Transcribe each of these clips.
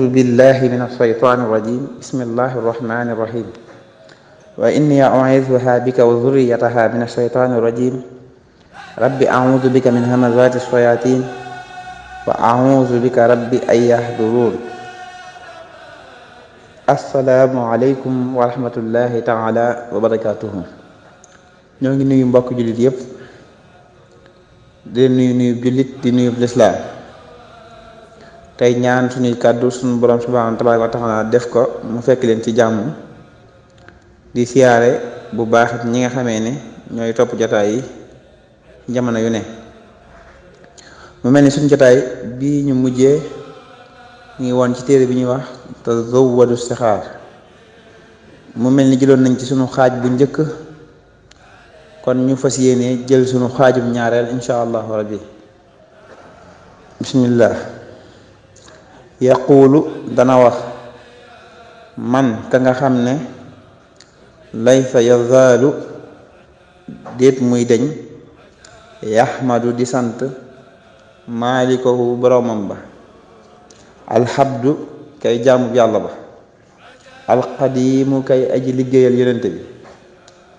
أعوذ بالله من الشيطان الرجيم بسم الله الرحمن الرحيم وإني أعيذها بك وذريتها من الشيطان الرجيم رب أعوذ بك من همزات الشياطين وأعوذ بك رب أن يحضرون assalaamu aleykum wa rahmatullahi taala wa barakaatuhu ñoo ngi nuyu mbokk jullit yépp di nuyu nuyu jullit di nuyu lislaam tey ñaan suñuy kàddu suñu borom subhaanahu tabaaraka wa taala def ko mu fekk leen ci jàmm di siyaare bu baax ñi nga xamee ne ñooy topp jotaay yi jamono yu ne mu mel ni suñu jataay bii ñu mujjee ñu ngi woon ci téere bi ñuy wax tazawwadu sixaar mu mel ni jëloon nañ ci suñu xaaj bu njëkk kon ñu fas yéene jël suñu xaajum ñaareel incha allahu rabbi bismillah yaquulu dana wax man ka nga xam ne laysa yazaalu déet muy deñ yaxmadu di sant maalikahu boromam ba alxabdu kay jaamu yàlla ba alxadiimu kay aji liggéeyal yonente bi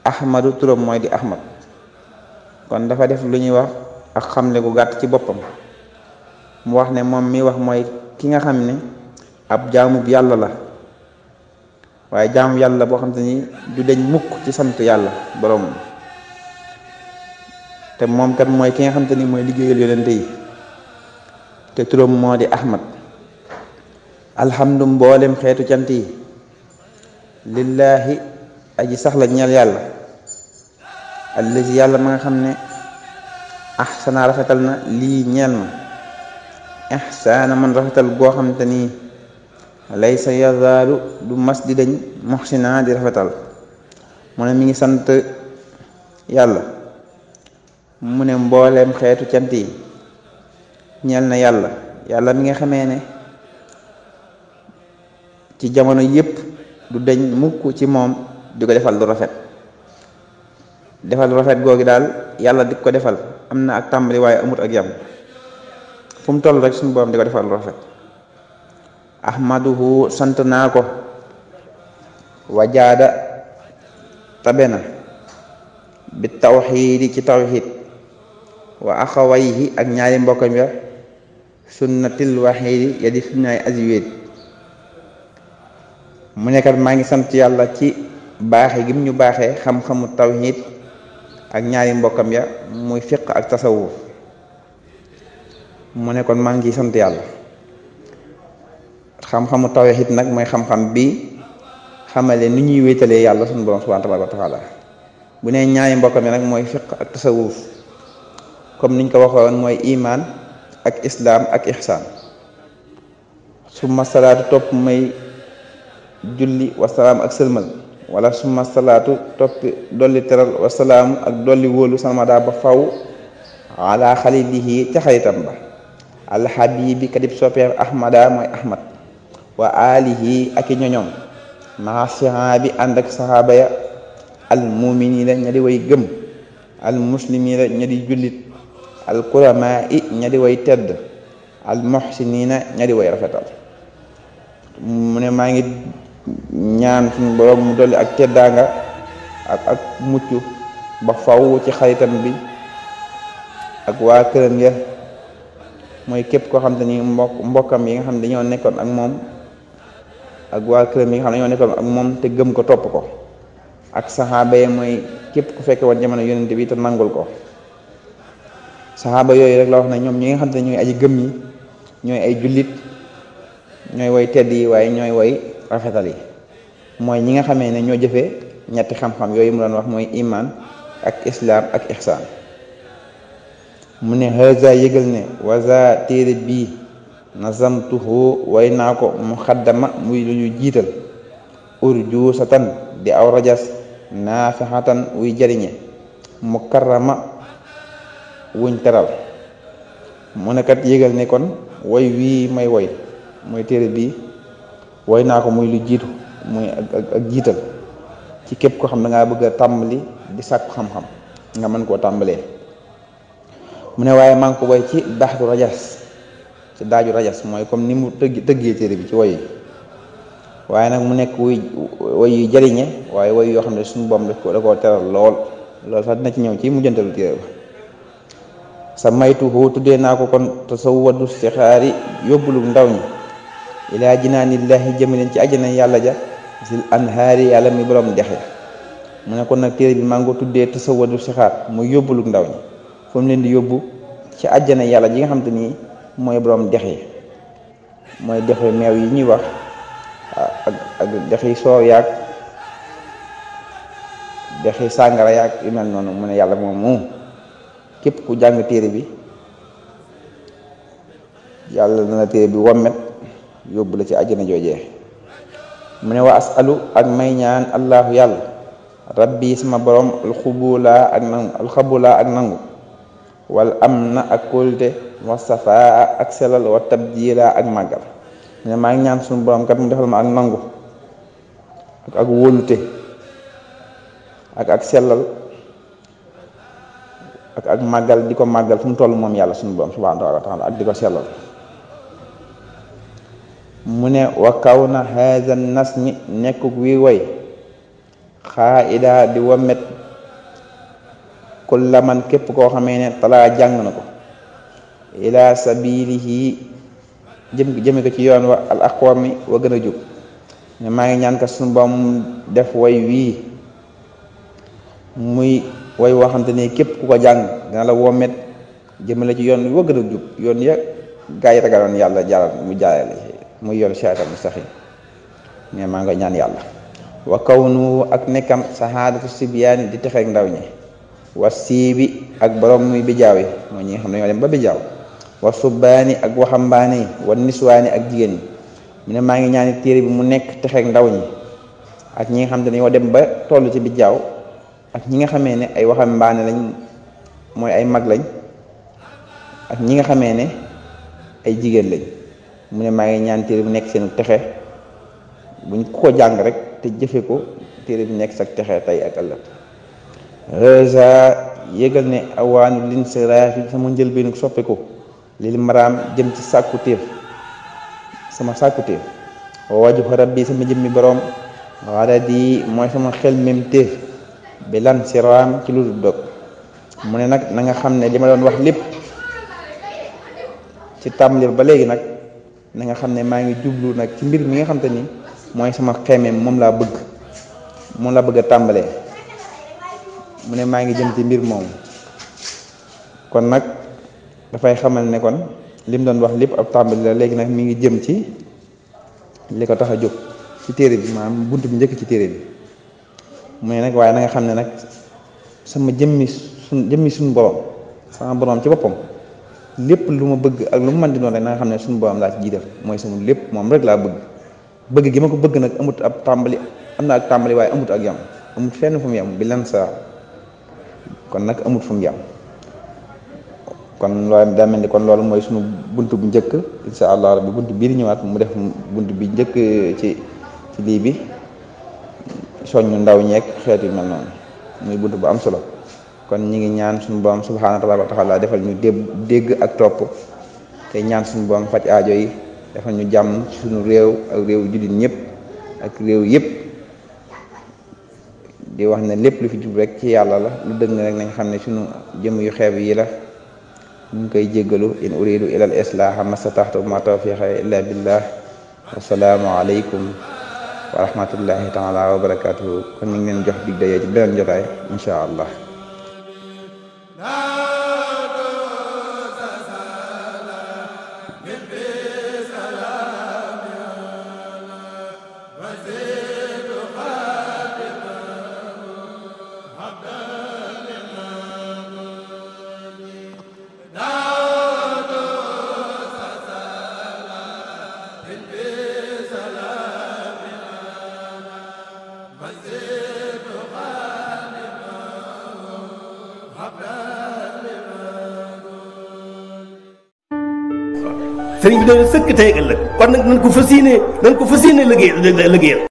ahmadu turam mooy di ahmad kon dafa def lu ñuy wax ak xamle gu gàtt ci boppam mu wax ne moom mi wax mooy ki nga xam ni ab jaamub yàlla la waaye jaamub yàlla boo xam te ni du deñ mukk ci sant yàlla boroomam te moom kat mooy ki nga xam ni mooy liggéeyal yonente yi te turam moo di ahmad alhamdu mboolem xeetu cant yi lillaahi aji sax la ñeel yàlla allazi yàlla ma nga xam ne ahsana rafetal na lii ñeel ma ixsaana man rafetal goo xam te nii laysa yazaalu du mas di dañ naa di rafetal mu ne mi ngi sant yàlla mu ne mbooleem xeetu cent yi ñeel na yàlla yàlla mi nga xamee ne ci jamono yépp du deñ mukk ci moom di ko defal lu rafet defal lu rafet googi daal yàlla di ko defal am na ak tàmbali waaye amut ak yam fu mu toll rek suñu borom di ko defal lu rafet ahmaduhu sant naa ko wajaada tabe na bi tawxiidi ci tawxiid wa axawayhi ak ñaari mbokkam ya sunnatil waxiidi ya di sunnaay azwéet mu nekkat maa ngi sant yàlla ci baaxe gim ñu baaxee xam-xamu tawxiid ak ñaari mbokkam ya muy fiq ak tasawuf mu ne kon maa ngi sant yàlla xam-xamu tawee nag mooy xam-xam bi xamale ni ñuy wéetalee yàlla suñu borom subhanahu tabaraka bu ne ñaari mbokkam mi nag mooy fiq ak tasawuf comme niñ ko waxoon mooy imaan ak islaam ak ihsaan summa salaatu topp may julli wasalaam ak sëlmal wala summa salaatu toppi dolli teral wasalaamu ak dolli wóolu salmada ba faw ala xalilihi ca xaritam ba alxabibi kadib soppeem ahmada mooy ahmad wa alihi ak i ñoñom maa sahaabi ànd ak sahaaba ya al muminina ña way gëm al muslimina ña di jullit al i ña di way tedd al muxsinina way rafetal mu ne maa ngi ñaan suñu borom mu dolli ak teddaanga ak ak ba faw ci xaritam bi ak waa këram ya mooy képp koo xam te ni mbokk mbokkam yi nga xam ne dañoo nekkoon ak moom ak waa këram yi nga xam ne dañoo nekkoon ak moom te gëm ko topp ko ak saxaaba yi mooy képp ku fekke woon jamono yonente bi te nangul ko saxaaba yooyu rek la wax ne ñoom ñi nga xam te ne ñooy aji gëm yi ñooy ay jullit ñooy woy tedd yi ñooy woy rafetal yi mooy ñi nga xamee ne ñoo jëfe ñetti xam-xam yooyu mu doon wax mooy iman ak islaam ak ixsaan mu ne haza yëgal ne waza téere bii nazamtuhu way naa ko mu xaddama muy lu ñu jiital urjuusatan di aw rajas naafixatan wuy jariñe mu karrama wuñ teral mu ne kat yëgal ne kon way wii may woy mooy téere bi way naa ko muy lu jiitu muy ak ak jiital ci képp ko xam da ngaa bëgg a tàmbali di sàkku xam-xam nga mën koo tàmbalee mu ne waaye maa ngi ko woy ci baxdu rajas ci daaju rajas mooy comme ni mu tëgg tëggee téere bi ci woy waaye nag mu nekk wuy woy yu jariñe waaye woy yoo xam ne suñu boom da ko koo teral lool lool sax dina ci ñëw ci mujjantalu téere ba sa maytuhu tuddee naa ko kon te sa waddu sixaari yóbbulu ndaw ñi ilaa jinaanillaahi jëme leen ci ajjana yàlla ja sil anhaari yàlla mi borom dexe mu ne kon nag téere bi maa ngi tuddee te sa waddu sixaar muy yóbbulu ndaw ñi fa leen di yóbbu ci àjjana yàlla ji nga xam te ni mooy boroom dex mooy dexe meew yi ñuy wax ak ak dex yi soow yaag dex sàngara yaag yu mel noonu mu ne yàlla moom mu képp ku jàng téere bi yàlla na la téere bi wommet yóbbu la ci àjjana joojee mu ne wa asalu ak may ñaan allahu yàlla rabbi sama borom alxubula ak nangu alxabula ak nangu wal am na ak kóolute wa safaa ak selal wa tabjiila ak màggal ne maa ñaan suñu borom kat mu defal ma ak nangu ak ak wóolute ak ak sellal ak ak màggal di ko màggal fu mu toll moom yàlla suñu borom subhaanahu wa taala ak di ko mu ne wa kaw na haazan nas mi nekkuk wii way xaa idaa di wamet kulla laman képp koo xamee ne talaa jàng na ko ila sabilihi jëm jëme ko ci yoon wa al aqwami wa gën a jub ne maa ngi ñaan ka suñu bam def way wii muy way woo xam képp ku ko jàng dana la wommet la ci yoon wa gën a jub yoon ya gaa yi ragaloon yàlla jaaral mu jaare la muy yoon siraatal mustaqiim ne maa ngi ñaan yàlla wa kawnu ak nekkam sahaadatu sibyaani di texeek ndaw ñi was siibi ak borom muy bijaaw yi mooy ñi nga xam ne ñoo dem ba bijaaw wa subbaani ak waxambaane yi wa niswaani ak jigéen ñi mu ne maa ngi ñaani téere bi mu nekk texeeg ndaw ñi ak ñi nga xam ne dem ba toll ci bijaaw ak ñi nga xamee ne ay waxambaane lañ mooy ay mag lañ ak ñi nga xamee ne ay jigéen lañ mu ne maa ngi ñaan téere bi nekk seen texe buñ ko jàng rek te jëfe ko téere bi nekk sa texe tey ak ëllëg reza yëgal ne awaanu lin siraax yi sama njëlbeenu soppiku lil maraam jëm ci sàkku téef sama sàkku téef waju rabbi sama jëmmi boroom wala di mooy sama xel mem téef bi lan siraam ci lu dul dog mu ne nag na nga xam ne li ma doon wax lépp ci tàmbali ba léegi nag na nga xam ne maa ngi jublu nag ci mbir mi nga xam te ni mooy sama xemeem moom laa bëgg moom laa bëgg a tàmbalee mu ne maa ngi jëm ci mbir moom kon nag dafay xamal ne kon lim doon wax lépp ab tàmbali la léegi nag mi ngi jëm ci li ko tax a jóg ci téere bi maam bunt bi njëkk ci téere bi mu ne nag waaye na xam ne nag sama jëmmi suñ jëmmi suñu borom sama borom ci boppam lépp lu ma bëgg ak lu mu mën di doon rek na xam ne suñu borom laa ci jiital mooy sumu lépp moom rek laa bëgg bëgg gi ma ko bëgg nag amut ab tàmbali am na ak tàmbali waaye amut ak yam amut fenn fu mu yam bi lan saa kon nag amut fu mu yem kon loolu ni kon loolu mooy suñu bunt bu njëkk insha allah rabbi bunt bii di ñëwaat mu def bunt bi njëkk ci ci lii bi soññu ndaw ñeeg xeet yu mel noonu muy bunt bu am solo kon ñu ngi ñaan suñu boom subhaanahu wa taala defal ñu dé dégg ak topp te ñaan suñu boom faj aajo yi defal ñu jàmm suñu réew ak réew jullit ñëpp ak réew yépp di wax na lépp lu fi jub rek ci yàlla la lu dëng rek nañ xam ne sunu jëm yu xeeb yii la ñu ngi koy jéggalu in uridu ilal islaaha masataxtu ma tawfiqa illa billah wasalaamu aleykum wa rahmatullahi taala wa barakatuhu kon ñu ngi leen jox dig daje ci beneen jotaay incha allah sëriñ bi dana sëkk tey ëllëg kon nag nañ ko fas yéenee nañ ko fas yéenee liggéey liggéeyal